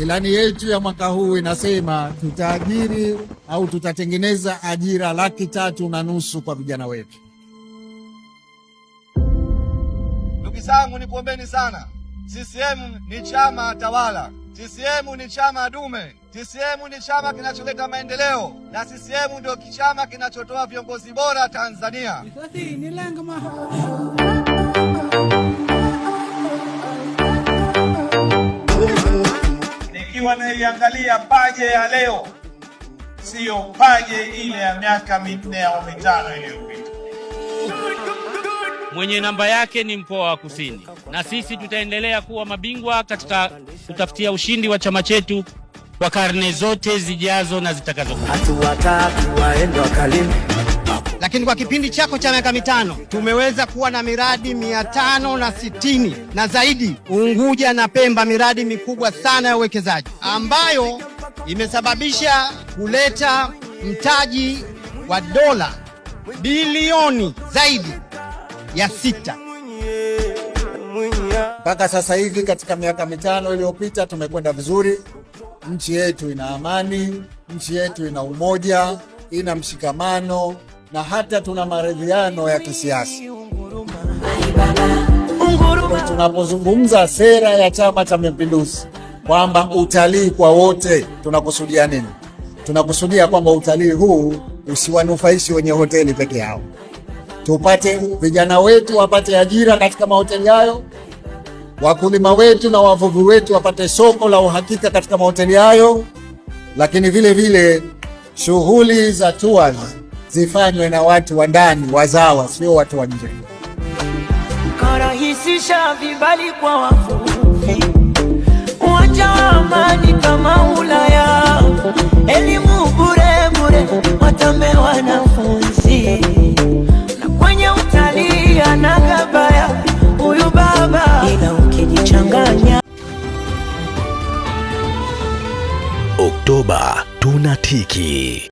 Ilani yetu ya mwaka huu inasema tutaajiri au tutatengeneza ajira laki tatu na nusu kwa vijana wetu. Ndugu zangu, nikuombeni sana. CCM ni chama tawala, CCM ni chama dume, CCM ni chama kinacholeta maendeleo, na CCM ndio kichama kinachotoa viongozi bora Tanzania. wanaiangalia paje ya leo, siyo paje ile ya miaka minne au mitano iliyopita. Mwenye namba yake ni mkoa wa Kusini, na sisi tutaendelea kuwa mabingwa katika kutafutia ushindi wa chama chetu kwa karne zote zijazo na zitakazokuja lakini kwa kipindi chako cha miaka mitano tumeweza kuwa na miradi mia tano na sitini na zaidi Unguja na Pemba, miradi mikubwa sana ya uwekezaji ambayo imesababisha kuleta mtaji wa dola bilioni zaidi ya sita mpaka sasa hivi. Katika miaka mitano iliyopita tumekwenda vizuri. Nchi yetu ina amani, nchi yetu ina umoja, ina mshikamano na hata tuna maridhiano ya kisiasa. Tunapozungumza sera ya Chama cha Mapinduzi kwamba utalii kwa wote, tunakusudia nini? Tunakusudia kwamba utalii huu usiwanufaishi wenye hoteli peke yao, tupate vijana wetu wapate ajira katika mahoteli hayo, wakulima wetu na wavuvi wetu wapate soko la uhakika katika mahoteli hayo, lakini vile vile shughuli za tours zifanywe na watu wa ndani wazawa, sio watu wa nje. Karahisisha vibali kwa wavuvi, uwanja wa amani kama Ulaya, elimu bure bure watame wanafunzi, na kwenye utalii anagabaya huyu baba, ila ukijichanganya Oktoba tunatiki.